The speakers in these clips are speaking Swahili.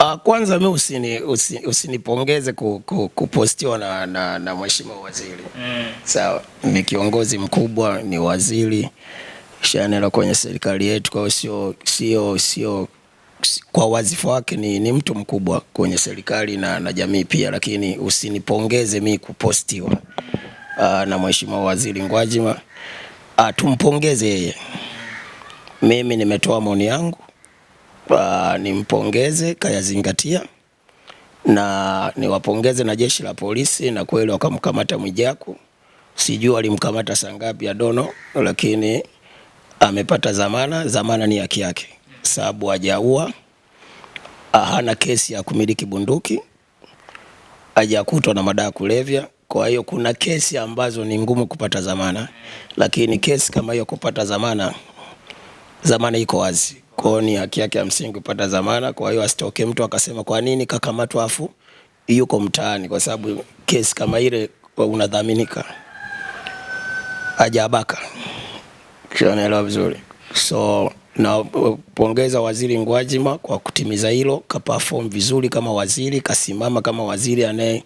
Uh, kwanza mi usini, usini, usinipongeze ku, ku, kupostiwa na, na, na mheshimiwa waziri mm. Sawa, ni kiongozi mkubwa, ni waziri shanela kwenye serikali yetu, kwa sio sio sio kwa wazifa wake ni, ni mtu mkubwa kwenye serikali na, na jamii pia, lakini usinipongeze mi kupostiwa uh, na mheshimiwa waziri Ngwajima uh, tumpongeze yeye. Mimi nimetoa maoni yangu uh, nimpongeze kayazingatia na niwapongeze na jeshi la polisi, na kweli wakamkamata Mwijaku. Sijui walimkamata saa ngapi ya dono, lakini amepata dhamana. Dhamana ni haki yake, sababu hajaua, hana kesi ya kumiliki bunduki, hajakutwa na madawa kulevya. Kwa hiyo kuna kesi ambazo ni ngumu kupata dhamana, lakini kesi kama hiyo kupata dhamana, dhamana iko wazi kwao ni haki yake ya msingi kupata dhamana. Kwa hiyo asitoke mtu akasema kwa nini kakamatwa afu yuko mtaani, kwa sababu kesi kama ile unadhaminika, ajabaka kionelewa vizuri. So napongeza waziri Ngwajima kwa kutimiza hilo, kaperform vizuri kama waziri, kasimama kama waziri anaye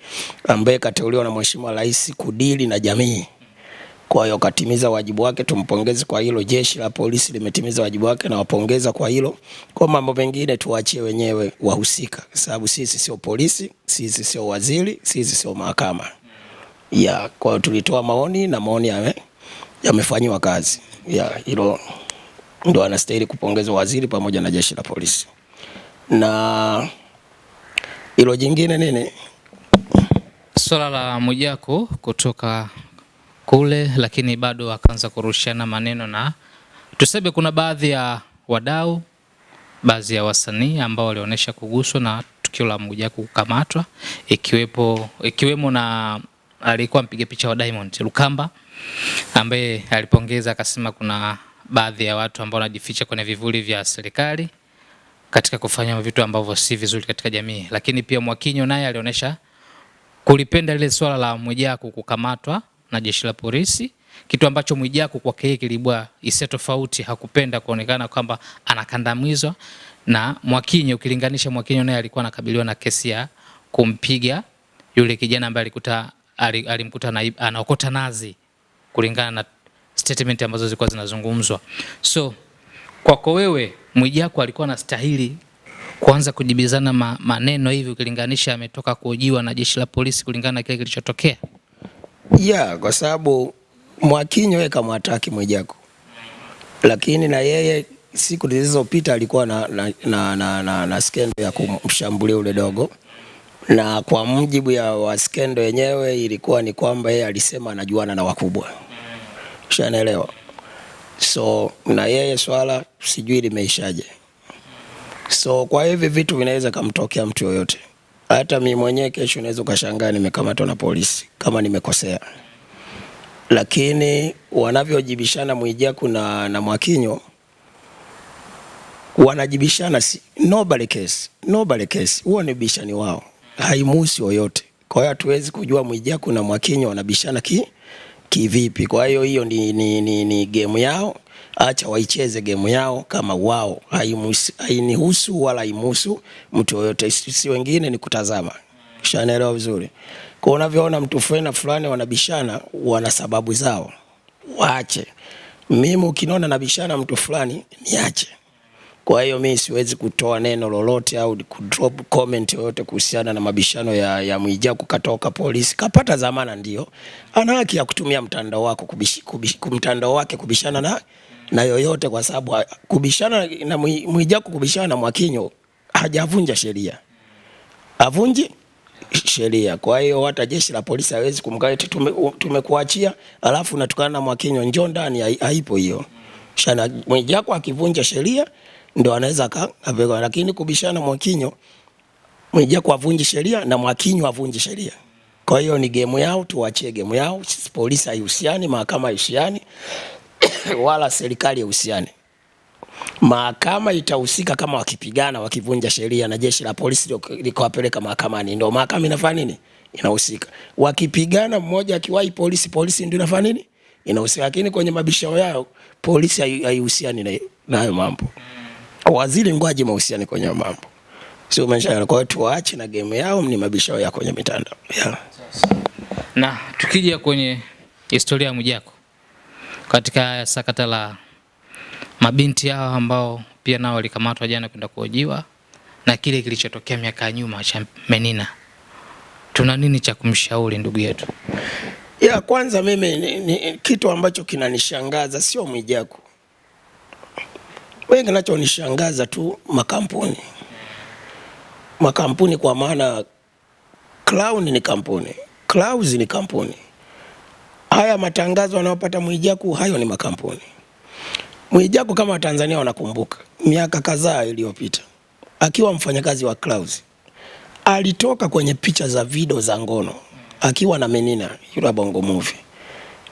ambaye kateuliwa na mheshimiwa rais kudili na jamii. Kwa hiyo katimiza wajibu wake, tumpongeze kwa hilo. Jeshi la polisi limetimiza wajibu wake na wapongeza kwa hilo. Kwa mambo mengine tuwachie wenyewe wahusika, sababu sisi sio polisi, sisi sio waziri, sisi sio mahakama ya. Kwa hiyo tulitoa maoni na maoni yame yamefanywa kazi ya hilo, ndo anastahili kupongeza waziri pamoja na jeshi la polisi. Na hilo jingine nini, swala la Mwijaku kutoka kule, lakini bado wakaanza kurushana maneno, na tuseme kuna baadhi ya wadau, baadhi ya wasanii ambao walionyesha kuguswa na tukio la Mwijaku kukamatwa, ikiwepo ikiwemo na alikuwa mpiga picha wa Diamond Lukamba, ambaye alipongeza akasema kuna baadhi ya watu ambao wanajificha kwenye vivuli vya serikali katika kufanya vitu ambavyo si vizuri katika jamii. Lakini pia Mwakinyo naye alionyesha kulipenda lile swala la Mwijaku kukamatwa na jeshi la polisi, kitu ambacho Mwijaku kwake yeye kilibua hisia tofauti. Hakupenda kuonekana kwamba anakandamizwa na Mwakinyo. Ukilinganisha, Mwakinyo naye alikuwa anakabiliwa na kesi ya kumpiga yule kijana ambaye alikuta alimkuta na, anaokota nazi kulingana na statement ambazo zilikuwa zinazungumzwa. So kwako wewe Mwijaku alikuwa anastahili kuanza kujibizana maneno hivi, ukilinganisha ametoka kuojiwa na jeshi la polisi kulingana na kile kilichotokea? yeah, kwa sababu Mwakinyo yeye kamwataki Mwijaku, lakini na yeye siku zilizopita alikuwa na, na, na, na, na, na skendo ya kumshambulia ule dogo, na kwa mjibu ya waskendo yenyewe ilikuwa ni kwamba yeye alisema anajuana na wakubwa, ushanaelewa? So na yeye swala sijui limeishaje. So kwa hivi vitu vinaweza kamtokea mtu yoyote. Hata mimi mwenyewe kesho naweza ukashangaa nimekamatwa na polisi kama nimekosea, lakini wanavyojibishana Mwijaku na, na Mwakinyo wanajibishana si, nobody case, nobody case. Huo ni bishani wao, haimuhusu yoyote. Kwa hiyo hatuwezi kujua Mwijaku na Mwakinyo wanabishana ki kivipi. Kwa hiyo hiyo ni, ni, ni, ni game yao acha waicheze gemu yao kama wao, hainihusu wala haimuhusu mtu yoyote, si wengine ni kutazama. Shanaelewa vizuri kwa unavyoona mtu fulani na fulani wanabishana, wana sababu zao, waache. Mimi ukiniona nabishana mtu fulani, niache. Kwa hiyo mimi siwezi kutoa neno lolote au ku drop comment yoyote kuhusiana na mabishano ya, ya Mwijaku. Katoka polisi kapata dhamana, ndio ana haki ya kutumia mtandao wako kubishi, kubishi, mtandao wake kubishana na na yoyote, kwa sababu kubishana na Mwijaku, kubishana na Mwakinyo hajavunja sheria, avunji sheria. Kwa hiyo hata jeshi la polisi hawezi kumkaa tumekuachia, tume alafu natukana na Mwakinyo, njoo ndani, haipo hiyo. Shana Mwijaku akivunja sheria ndo anaweza kapigwa, lakini kubishana Mwakinyo, Mwijaku avunji sheria na Mwakinyo avunji sheria. Kwa hiyo ni gemu yao, tuwachie gemu yao. Polisi haihusiani, mahakama haihusiani. wala serikali ihusiane. Mahakama itahusika kama wakipigana, wakivunja sheria na jeshi la polisi likawapeleka mahakamani, ndio mahakama inafanya nini? Inahusika. Wakipigana mmoja akiwahi polisi, polisi ndio inafanya nini? Inahusika. Lakini kwenye mabishano yao polisi haihusiani na hayo mambo. Waziri Ngwaji mahusiani kwenye mambo. Sio maisha. Kwa hiyo tuwaache na game yao, ni mabishano ya kwenye mitandao. Yeah. Na tukija kwenye historia ya Mwijaku katika sakata la mabinti hao ambao pia nao walikamatwa jana kwenda kuojiwa na kile kilichotokea miaka ya nyuma cha Menina, tuna nini cha kumshauri ndugu yetu? Ya kwanza mimi ni, ni, kitu ambacho kinanishangaza sio Mwijaku, wengi nachonishangaza tu makampuni makampuni, kwa maana Clouds ni kampuni, Clouds ni kampuni haya matangazo anayopata Mwijaku hayo ni makampuni. Mwijaku kama Watanzania wanakumbuka, miaka kadhaa iliyopita akiwa mfanyakazi wa Clouds alitoka kwenye picha za video za ngono akiwa na Menina yule Bongo Movie,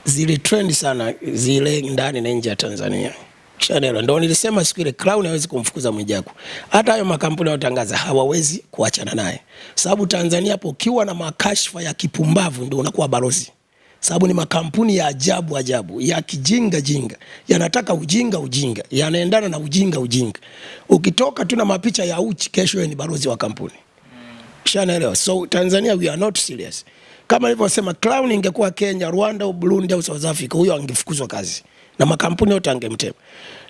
zili trend sana zile ndani na nje ya Tanzania channel. Ndio nilisema siku ile Clown hawezi kumfukuza Mwijaku, hata hayo makampuni yanayotangaza hawawezi kuachana naye, sababu Tanzania hapo ukiwa na makashfa ya kipumbavu ndio unakuwa balozi sababu ni makampuni ya ajabu ajabu ya kijinga jinga, yanataka ujinga ujinga, yanaendana na ujinga ujinga. Ukitoka tu na mapicha ya uchi, kesho ni balozi wa kampuni. Kishanaelewa. So Tanzania we are not serious. Kama nilivyosema clown ingekuwa Kenya, Rwanda au Burundi au South Africa, huyo angefukuzwa kazi na makampuni yote angemtema.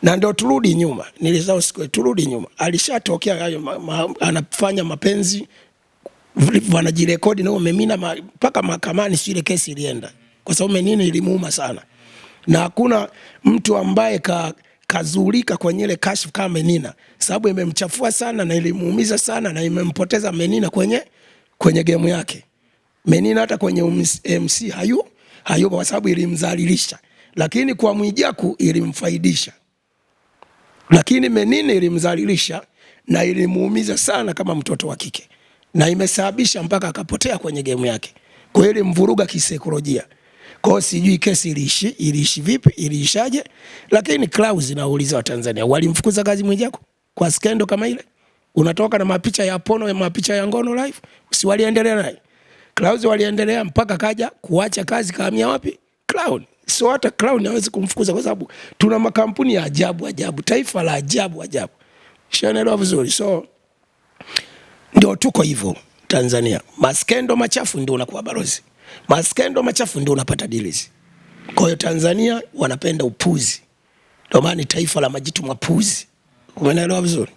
Na ndio turudi nyuma, nilizao siku, turudi nyuma. Alishatokea hayo ma, ma, anafanya mapenzi wanajirekodi na wamemina mpaka mahakamani, si ile kesi ilienda kwa sababu menini ilimuuma sana, na hakuna mtu ambaye ka kazulika kwenye ile kashfu kama Menina, sababu imemchafua sana na ilimuumiza sana na imempoteza Menina kwenye kwenye gemu yake. Menina hata kwenye MC hayu hayu, kwa sababu ilimzalilisha, lakini kwa Mwijaku ilimfaidisha, lakini Menina ilimzalilisha na ilimuumiza sana kama mtoto wa kike, na imesababisha mpaka akapotea kwenye gemu yake, kwa hiyo ilimvuruga kisaikolojia. Kwa hiyo sijui kesi iliishi, iliishi vipi, iliishaje? Lakini Clouds nauliza Tanzania, walimfukuza kazi Mwijaku kwa skendo kama ile? Unatoka na mapicha ya pono ya mapicha ya ngono live, si waliendelea naye? Clouds waliendelea mpaka kaja kuacha kazi, kahamia wapi? Clown. So hata Clown hawezi kumfukuza kwa sababu tuna makampuni ya ajabu ajabu, taifa la ajabu ajabu. Shanaelewa vizuri. So ndio tuko hivyo Tanzania. Maskendo machafu ndio unakuwa balozi maskendo machafu ndio unapata deals. Kwa hiyo Tanzania wanapenda upuzi, ndio maana taifa la majitu mapuzi. Umeelewa vizuri?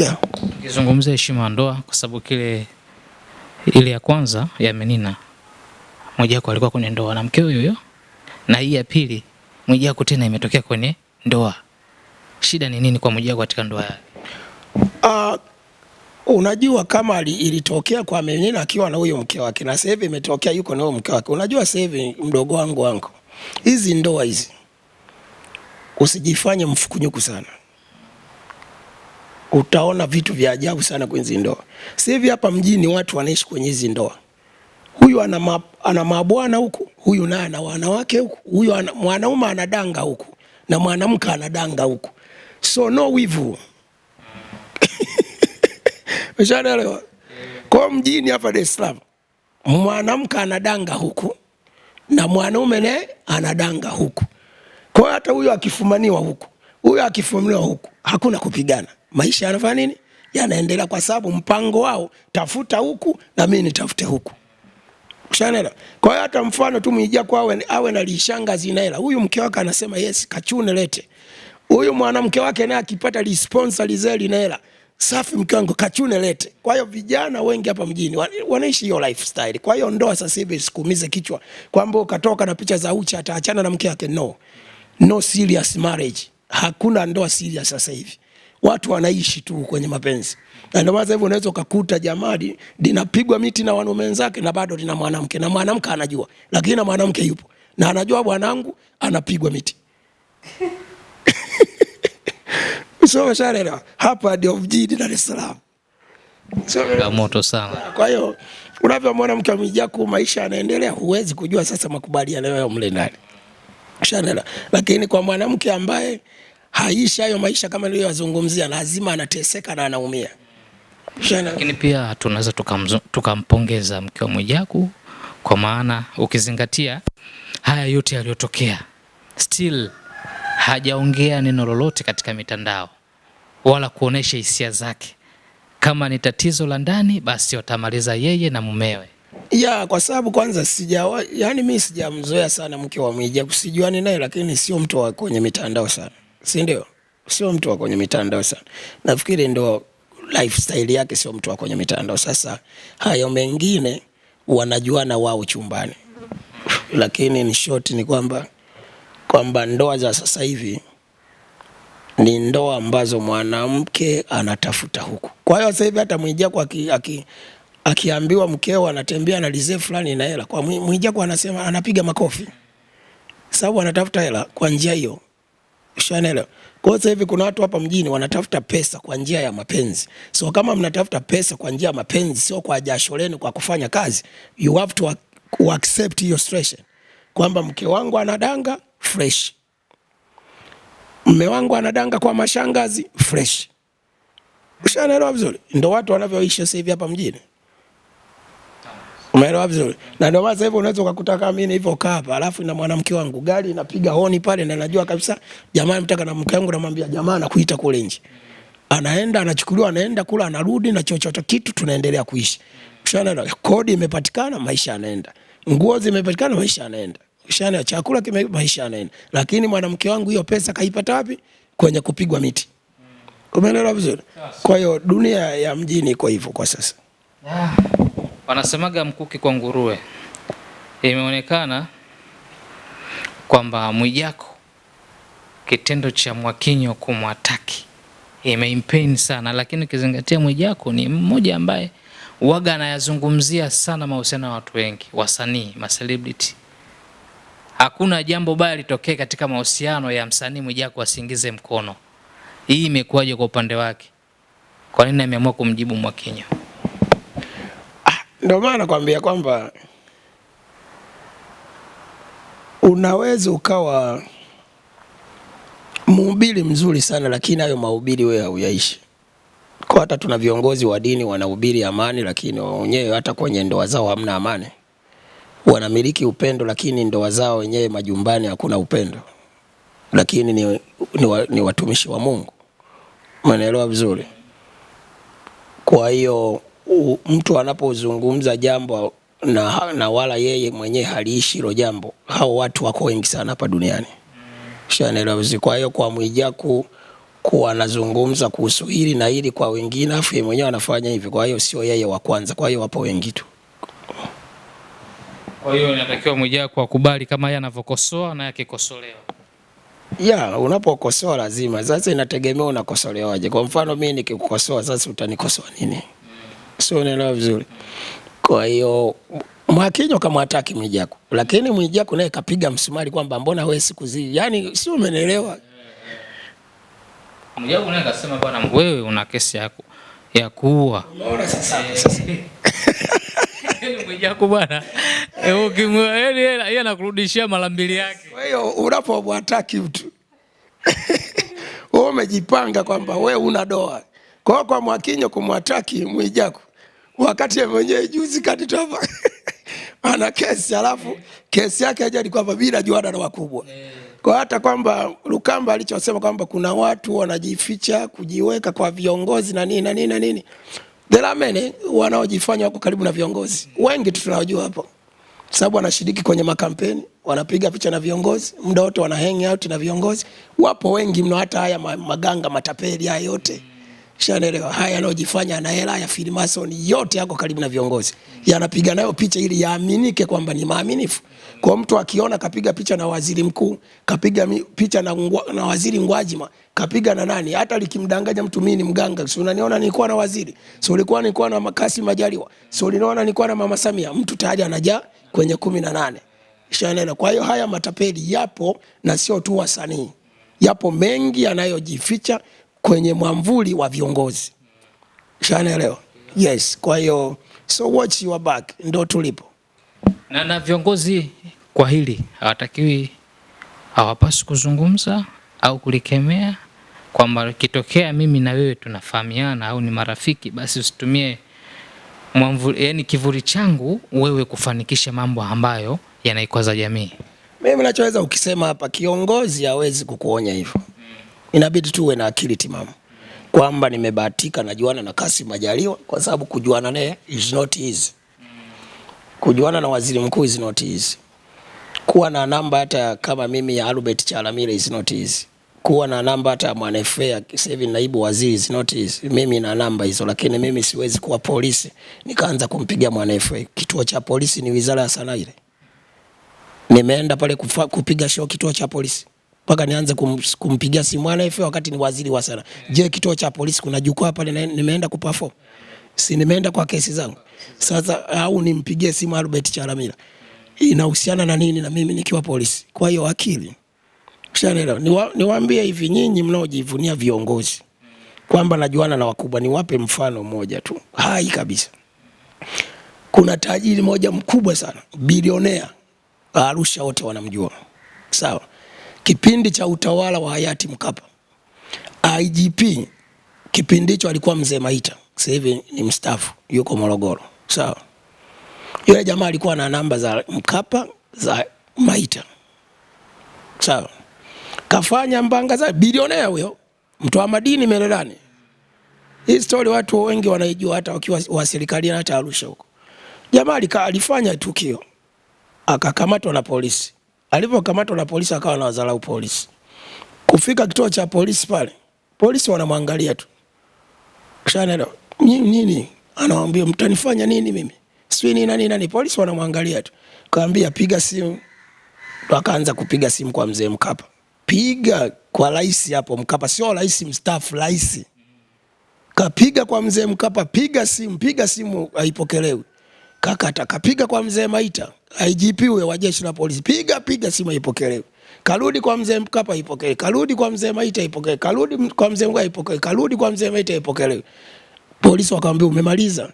Yeah. Ukizungumzia heshima ya ndoa kwa sababu kile ile ya kwanza ya Menina Mwijaku alikuwa kwenye ndoa na mke huyo, na hii ya pili Mwijaku tena imetokea kwenye ndoa. Shida ni nini kwa Mwijaku katika ndoa yake? unajua kama ilitokea kwa Memunila akiwa na huyo mke wake, na sasa hivi imetokea yuko na huyo mke wake. Unajua sasa hivi mdogo wangu wangu, hizi ndoa hizi, usijifanye mfukunyuku sana, utaona vitu vya ajabu sana kwenye hizi ndoa. Sasa hivi hapa mjini watu wanaishi kwenye hizi ndoa, huyu ana ma, ana mabwana huku, huyu naye ana wanawake huku, huyu mwanaume anadanga huku na mwanamke anadanga huku, so no wivu Umeshaelewa? Kwa mjini hapa Dar es Salaam mwanamke anadanga huku na mwanaume naye anadanga huku. Kwa hiyo hata huyo akifumaniwa huku, huyo akifumaniwa huku, hakuna kupigana. Maisha yanafanya nini? Yanaendelea kwa sababu mpango wao tafuta huku na mimi nitafute huku. Ushanela. Kwa hiyo hata mfano tu Mwijaku awe, awe na lishanga zinaela. hela. Huyu mke wake anasema yes, kachune lete. Huyu mwanamke wake naye akipata lisponsor lizeli naela. hela safi mke wangu kachune lete. Kwa hiyo vijana wengi hapa mjini wanaishi hiyo lifestyle. Kwa hiyo ndoa sasa hivi sikuumize kichwa kwamba ukatoka na picha za ucha ataachana na mke wake. No, no serious marriage, hakuna ndoa serious sasa hivi. Watu wanaishi tu kwenye mapenzi, na ndio maana hivyo unaweza ukakuta jamadi linapigwa miti na wanaume wenzake na bado lina mwanamke na mwanamke anajua, lakini na mwanamke yupo na anajua, bwanangu anapigwa miti so ushaelewa, hapa ndio mjini Dar es Salaam. moto sana. Kwa hiyo unavyomwona mke wa Mwijaku maisha yanaendelea, huwezi kujua sasa makubaliano yao mle ndani, ushaelewa. Lakini kwa mwanamke ambaye haishi hayo maisha kama niliyoyazungumzia, lazima anateseka na anaumia, lakini pia tunaweza tukampongeza tuka mke wa Mwijaku kwa maana ukizingatia haya yote yaliyotokea, still hajaongea neno lolote katika mitandao wala kuonesha hisia zake. Kama ni tatizo la ndani, basi watamaliza yeye na mumewe. Ya, kwa sababu kwanza sijawa, yani mimi sijamzoea sana mke wa Mwijaku, sijuani naye, lakini sio mtu wa kwenye mitandao sana, si ndio? Sio mtu wa kwenye mitandao sana, nafikiri ndo lifestyle yake, sio mtu wa kwenye mitandao. Sasa hayo mengine wanajuana wao chumbani, lakini ni short ni kwamba kwamba ndoa za sasa hivi ni ndoa ambazo mwanamke anatafuta huku. Kwa hiyo sasa hivi hata Mwijaku aki, aki, akiambiwa mkeo anatembea na lizee fulani na hela, kwa Mwijaku anasema anapiga makofi, sababu anatafuta hela kwa njia hiyo. Ushanaelewa? Kwa sasa hivi kuna watu hapa mjini wanatafuta pesa kwa njia ya mapenzi. So kama mnatafuta pesa kwa njia ya mapenzi, sio kwa jasho lenu, kwa kufanya kazi, you have to accept your situation kwamba mke wangu anadanga fresh mme wangu anadanga kwa mashangazi fresh. Ushaelewa vizuri? ndo watu wanavyoishi sasa hivi hapa mjini. Umeelewa vizuri? Na ndio maana hivyo unaweza ukakuta kama mimi hivyo kaa hapa, alafu na mwanamke wangu gari inapiga honi pale na najua kabisa jamaa mtaka na mke wangu namwambia jamaa anakuita kule nje. Anaenda anachukuliwa anaenda kula anarudi na chochote kitu tunaendelea kuishi. Ushaelewa? Kodi imepatikana maisha yanaenda. Nguo zimepatikana maisha yanaenda shana chakula kimebaisha nini, lakini mwanamke wangu hiyo pesa kaipata wapi? Kwenye kupigwa miti. Umeelewa vizuri? Kwa hiyo dunia ya mjini iko hivyo kwa sasa. Ah. Wanasemaga mkuki kwa nguruwe. Imeonekana kwamba Mwijaku kitendo cha Mwakinyo kumwataki imeimpen sana, lakini ukizingatia Mwijaku ni mmoja ambaye waga anayazungumzia sana mahusiano ya watu wengi, wasanii, macelebrity hakuna jambo baya litokee katika mahusiano ya msanii Mwijaku asiingize mkono. Hii imekuwaje kwa upande wake? Kwa nini ameamua kumjibu Mwakinyo? Ah, ndio maana nakwambia kwamba unaweza ukawa mhubiri mzuri sana lakini hayo mahubiri wewe hauyaishi. Kwa hata tuna viongozi wa dini wanahubiri amani, lakini wenyewe hata kwenye ndoa zao hamna amani wanamiliki upendo, lakini ndoa zao wenyewe majumbani hakuna upendo, lakini ni, ni, wa, ni watumishi wa Mungu. Umeelewa vizuri? Kwa hiyo mtu anapozungumza jambo na, na wala yeye mwenyewe haliishi hilo jambo, hao watu wako wengi sana hapa duniani. Shanaelewa vizuri. Kwa hiyo kwa Mwijaku kuwa anazungumza kuhusu hili na hili kwa wengine, afu yeye mwenyewe anafanya hivyo, kwa hiyo sio yeye wa kwanza, kwa hiyo wapo wengi tu. Kwa hiyo inatakiwa Mwijaku akubali kama yeye anavyokosoa na yakikosolewa. Ya, unapokosoa lazima sasa, inategemea unakosolewaje. Kwa mfano mimi nikikukosoa sasa, utanikosoa nini? Mm. Sio, unaelewa vizuri. Kwa hiyo Mwakinyo kama hataki Mwijaku, lakini Mwijaku naye kapiga msumari kwamba mbona wewe siku zii? yani sio, umeelewa? Hmm. Mwijaku naye kasema bwana, wewe una kesi yako ya kuua. Unaona sasa sasa Yaani mwijaku bwana eh, yaani anakurudishia mara mbili yake. Kwa hiyo unapomwataki mtu wewe umejipanga kwamba we una doa. Kwa hiyo kwa Mwakinyo kumwataki Mwijaku wakati yeye mwenyewe juzi kati tava ana kesi, alafu kesi yake haja ni kwamba bila najua na wakubwa kwa hata kwamba Lukamba alichosema kwamba kuna watu wanajificha kujiweka kwa viongozi na nini na nini na nini There are many wanaojifanya wako karibu na viongozi. Wengi tu tunawajua hapo. Sababu wanashiriki kwenye makampeni, wanapiga picha na viongozi, muda wote wana hang out na viongozi. Wapo wengi mno hata haya maganga matapeli haya yote. Shaelewa haya yanayojifanya na hela ya Freemason yote yako karibu na viongozi. Yanapiga nayo picha ili yaaminike kwamba ni maaminifu. Kwa mtu akiona kapiga picha na waziri mkuu, kapiga picha na, na waziri Ngwajima, kapiga na nani? Hata likimdanganya mtu mimi ni mganga, si unaniona nilikuwa na waziri. Si ulikuwa nilikuwa na Makasi Majaliwa. Si uliniona nilikuwa na Mama Samia. Mtu tayari anaja kwenye 18. Shaelewa. Kwa hiyo haya matapeli yapo na sio tu wasanii. Yapo mengi yanayojificha kwenye mwamvuli wa viongozi. Shanaelewa? Yes, kwa hiyo so watch your back, ndo tulipo na na viongozi kwa hili hawatakiwi, hawapaswi kuzungumza au kulikemea, kwamba kitokea mimi na wewe tunafahamiana au ni marafiki, basi usitumie mwamvuli, yani kivuli changu wewe kufanikisha mambo ambayo yanaikwaza jamii. Mimi nachoweza ukisema hapa, kiongozi hawezi kukuonya hivyo inabidi tuwe na akili timamu kwamba nimebahatika najuana na Kassim Majaliwa kwa sababu kujuana naye is not easy. Kujuana na waziri mkuu is not easy. Kuwa na namba hata kama mimi ya Albert Chalamila is not easy. Kuwa na namba hata mwanefea sasa hivi naibu waziri is not easy. Mimi na namba hizo, lakini mimi siwezi kuwa polisi nikaanza kumpigia mwanefea. Kituo cha polisi ni wizara ya sanaa ile. Nimeenda pale kufa, kupiga show kituo cha polisi mpaka nianze kum, kumpigia simu anaefe wakati ni waziri wa sana. Je, kituo cha polisi kuna jukwaa pale nimeenda kuperform? Si nimeenda kwa kesi zangu. Sasa au nimpigie simu Albert Chalamila. Inahusiana na nini na mimi nikiwa polisi? Kwa hiyo akili. Kishanelewa. Niwa, niwaambie hivi nyinyi mnaojivunia viongozi kwamba najuana na wakubwa, niwape mfano mmoja tu. Hai kabisa. Kuna tajiri moja mkubwa sana, bilionea Arusha, wote wanamjua. Sawa? So, Kipindi cha utawala wa hayati Mkapa, IGP kipindi hicho alikuwa mzee Maita, sasa hivi ni mstaafu, yuko Morogoro. Sawa, yule jamaa alikuwa na namba za Mkapa za Maita. Sawa, kafanya mbanga za bilionea huyo, mtoa madini Mererani. Hii story watu wengi wanaijua, hata wakiwa wa serikali na hata Arusha huko. Jamaa alifanya tukio akakamatwa na polisi Alipokamatwa na polisi akawa na wadharau polisi. Kufika kituo cha polisi pale, polisi wanamwangalia tu. Kisha nini? Anawambia mtanifanya nini mimi? Sijui nini nani nani, polisi wanamwangalia tu. Kaambia piga simu. Ndo akaanza kupiga simu kwa mzee Mkapa. Piga kwa rais hapo Mkapa, sio rais mstaafu, rais. Kapiga kwa mzee Mkapa, piga simu, piga simu haipokelewi kaka atakapiga kwa mzee Maita, IGP huyo wa jeshi la polisi, piga piga, simu ipokelewe. Karudi kwa mzee Mkapa ipokelewe, karudi kwa mzee Maita ipokelewe, karudi kwa mzee Ngwa ipokelewe, karudi kwa mzee Maita ipokelewe. Polisi wakamwambia umemaliza,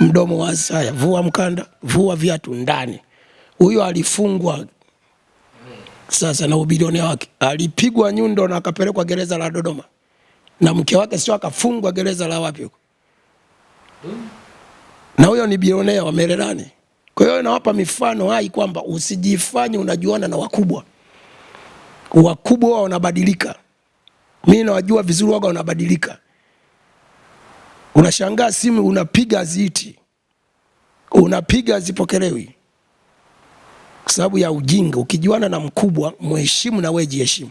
mdomo wazi. Haya, vua mkanda, vua viatu, ndani. Huyo alifungwa sasa na ubilionea wake, alipigwa nyundo na akapelekwa gereza la Dodoma, na mke wake sio akafungwa gereza la wapi huko? na huyo ni bilionea wa Mererani. Kwa hiyo nawapa mifano hai kwamba usijifanye unajuana na wakubwa. Wakubwa wao wanabadilika, mimi nawajua vizuri, waga wanabadilika. Unashangaa simu unapiga ziti, unapiga zipokelewi kwa sababu ya ujinga. Ukijuana na mkubwa, mheshimu na wewe jiheshimu,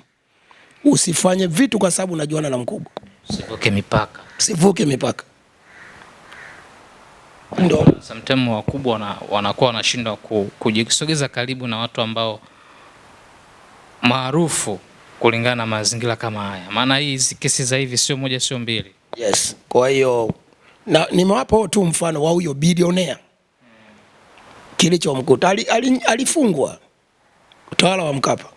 usifanye vitu kwa sababu unajuana na mkubwa. Sivuke mipaka, sivuke mipaka ndo sometimes wakubwa wana, wanakuwa wanashindwa kujisogeza karibu na watu ambao maarufu kulingana na mazingira kama haya, maana hizi kesi za hivi sio moja sio mbili. Yes, kwa hiyo na nimewapa tu mfano wa huyo bilionea kilichomkuta ali, ali, alifungwa utawala wa Mkapa.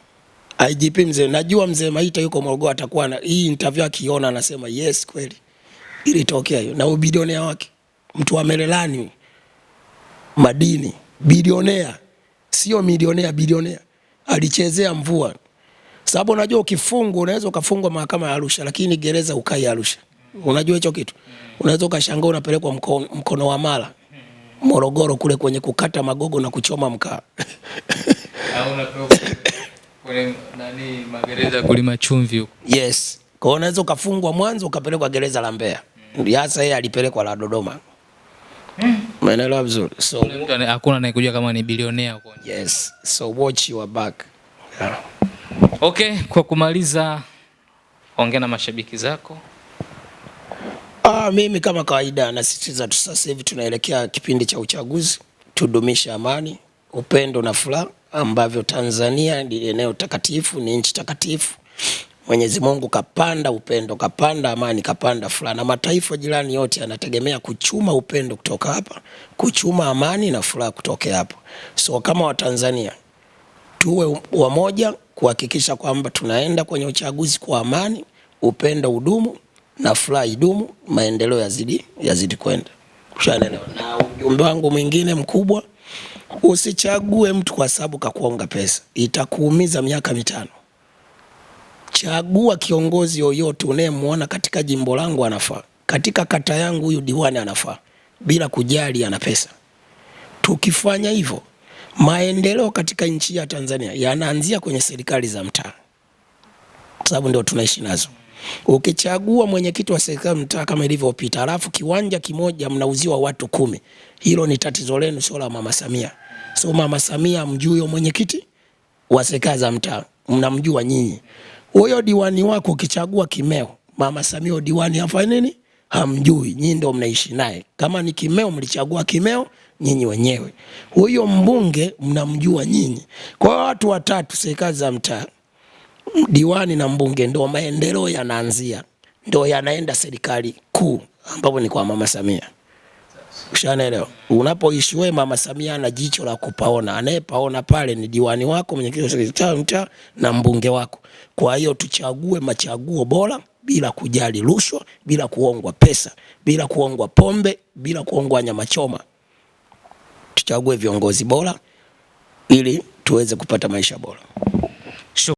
IGP mzee, najua mzee Maita yuko Morogoro, atakuwa hii interview akiona anasema yes, kweli ilitokea hiyo na ubilionea wake mtu wa Merelani madini, bilionea, sio milionea, bilionea. Alichezea mvua, sababu unajua ukifungwa unaweza ukafungwa mahakama ya Arusha, lakini gereza ukai Arusha. Unajua hicho kitu, unaweza ukashangaa unapelekwa mkono, mkono wa Mara Morogoro kule kwenye kukata magogo na kuchoma mkaa yes, kwa unaweza ukafungwa Mwanza ukapelekwa gereza la Mbeya. Ndio Hasa yeye alipelekwa la Dodoma. Umeelewa vizuri? So hakuna anayekujua kama ni bilionea huko. Yes. So watch your back. Yeah. Okay, kwa kumaliza ongea na mashabiki zako. Ah, mimi kama kawaida nasisitiza tu, sasa hivi tunaelekea kipindi cha uchaguzi, tudumishe amani, upendo na furaha ambavyo Tanzania ni eneo takatifu, ni nchi takatifu. Mwenyezi Mungu kapanda upendo, kapanda amani, kapanda furaha, na mataifa jirani yote yanategemea kuchuma upendo kutoka hapa, kuchuma amani na furaha kutoka hapa. So kama Watanzania tuwe wamoja kuhakikisha kwamba tunaenda kwenye uchaguzi kwa amani, upendo udumu na furaha idumu, maendeleo yazidi yazidi kwenda. Ushanelewa? Na ujumbe wangu mwingine mkubwa, usichague mtu kwa sababu kakuonga pesa, itakuumiza miaka mitano chagua kiongozi yoyote unayemwona katika jimbo langu anafaa, katika kata yangu huyu diwani anafaa, bila kujali ana pesa. Tukifanya hivyo, maendeleo katika nchi ya Tanzania yanaanzia kwenye serikali za mtaa, sababu ndio tunaishi nazo. Ukichagua mwenyekiti wa serikali mtaa kama ilivyopita, alafu kiwanja kimoja mnauziwa watu kumi, hilo ni tatizo lenu, sio la mama Samia. So mama Samia mjui mwenyekiti wa serikali za mtaa, mnamjua nyinyi huyo diwani wako ukichagua kimeo, mama Samia diwani hafanya nini? Hamjui nyinyi, ndio mnaishi naye. Kama ni kimeo, mlichagua kimeo nyinyi wenyewe. Huyo mbunge mnamjua nyinyi. Kwa hiyo watu watatu, serikali za mtaa, diwani na mbunge, ndio maendeleo yanaanzia, ndio yanaenda serikali kuu, ambapo ni kwa mama Samia. Ushanaelewa? Unapoishi wewe, Mama Samia na jicho la kupaona. Anayepaona pale ni diwani wako, mwenyekiti wa mtaa na mbunge wako. Kwa hiyo tuchague machaguo bora bila kujali rushwa, bila kuongwa pesa, bila kuongwa pombe, bila kuongwa nyama choma. Tuchague viongozi bora ili tuweze kupata maisha bora.